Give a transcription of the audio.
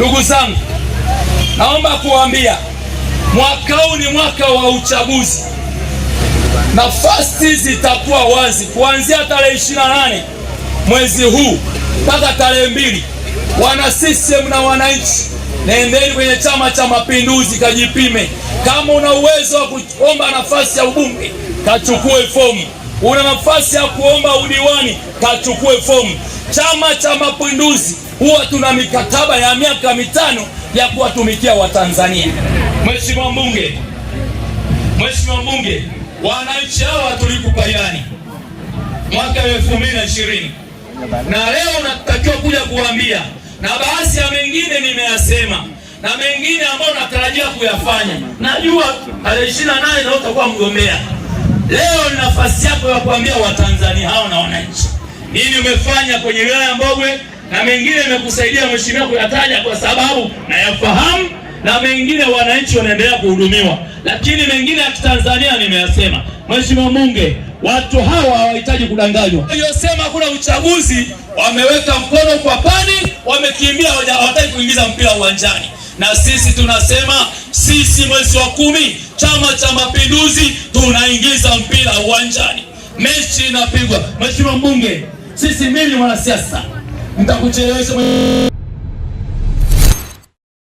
Ndugu zangu, naomba kuwaambia mwaka huu ni mwaka wa uchaguzi. Nafasi zitakuwa wazi kuanzia tarehe 28 mwezi huu mpaka tarehe mbili. Wana CCM na wananchi, nendeni kwenye Chama cha Mapinduzi kajipime. Kama una uwezo wa kuomba nafasi ya ubunge, kachukue fomu. Una nafasi ya kuomba udiwani, kachukue fomu. Chama cha Mapinduzi huwa tuna mikataba ya miaka mitano ya kuwatumikia Watanzania. Mheshimiwa Mbunge, Mheshimiwa Mbunge, wananchi hawa tulikupa ilani mwaka mbili na leo natakiwa kuja kuwambia na baadhi ya mengine nimeyasema na mengine ambayo natarajia kuyafanya. Najua tarehe nane na utakuwa mgombea. Leo ni nafasi yako ya kuambia Watanzania hao na wananchi nini umefanya kwenye wilaya ya Mbogwe na mengine nimekusaidia mheshimiwa kuyataja kwa sababu nayafahamu, na mengine wananchi wanaendelea kuhudumiwa, lakini mengine ya Tanzania nimeyasema. Mheshimiwa Mbunge, watu hawa hawahitaji kudanganywa. Waliosema kuna uchaguzi wameweka mkono kwa pani, wamekimbia, hawataki kuingiza mpira uwanjani. Na sisi tunasema sisi, mwezi wa kumi, Chama cha Mapinduzi tunaingiza mpira uwanjani, mechi inapigwa. Mheshimiwa Mbunge, sisi mimi mwanasiasa nitakuchelewesha